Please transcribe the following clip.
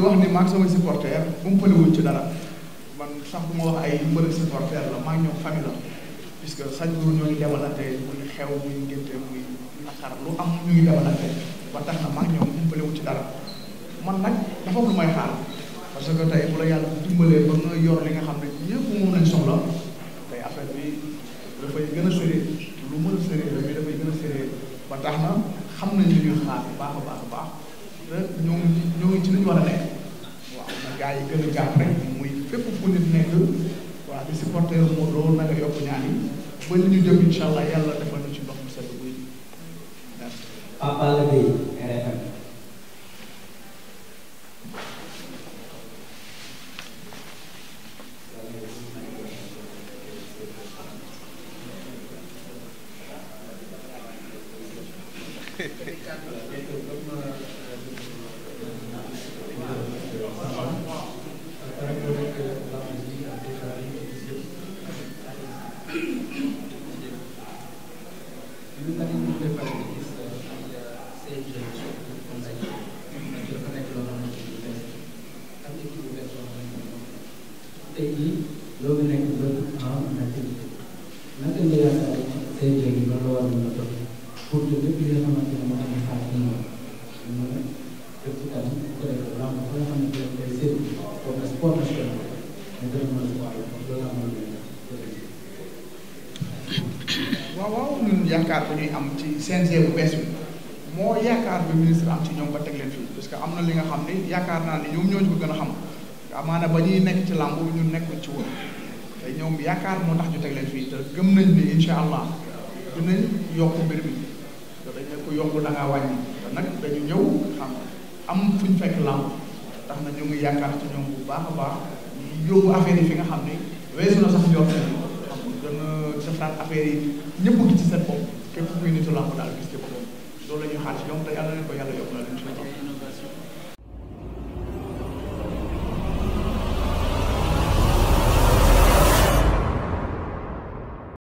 di wax ni maag sama supporter bu mu pëliwuñ ci dara man sax bu ma wax ay mbëri supporter la maa ñoom famille la puisque chaque jour ñoo ngi demalante muy xew muy ngénte muy naqar lu am ñu ngi ba tax na maag ñoom bu mu pëliwuñ ci dara man nag dafa am lu may xaar parce que tey bu la yàlla dimbalee ba nga yor li nga xam ne ñëpp moom lañ soxla tey affaire bi dafay gën a sori lu mën a sori la mais dafay gën a sori ba tax na xam nañ li xaar baax a baax a baax te ñoo ñoo ngi ci li ñu war a gars yi gën a jàpp rek muy fu nit nekk waa di supporter moo loolu na yokk ñaan yi ba li ñu jëm incha yàlla defal ci ndox mu sedd buy merci. Papa Gracias. waaw waaw ñun yaakaar bu ñuy am ci CNG bu bees bi moo yaakaar bi ministre am ci ñoom ba teg leen fii parce que am na li nga xam ne yaakaar naa ne ñoom ñoo ñu ko amaana ba ñuy nekk ci làmb ñun nekkul ci woon te ñoom yaakaar moo tax ñu teg leen fii te gëm nañ ne incha allah dinañ yokk mbir yi te dañ ne ko yokk da ngaa wàññi te nag dañu ñëw xam am fu ñu fekk làmb tax na ñu ngi yaakaar ci ñoom bu baax a baax yóbbu affaire yi fi nga xam ne weesu na sax njort daal affaire yi ñëpp gis ci seen bopp képp kuy nitu làmb daal gis ci boppam loolu la ñuy xaar ci ñoom te yàlla leen ko yàlla yokk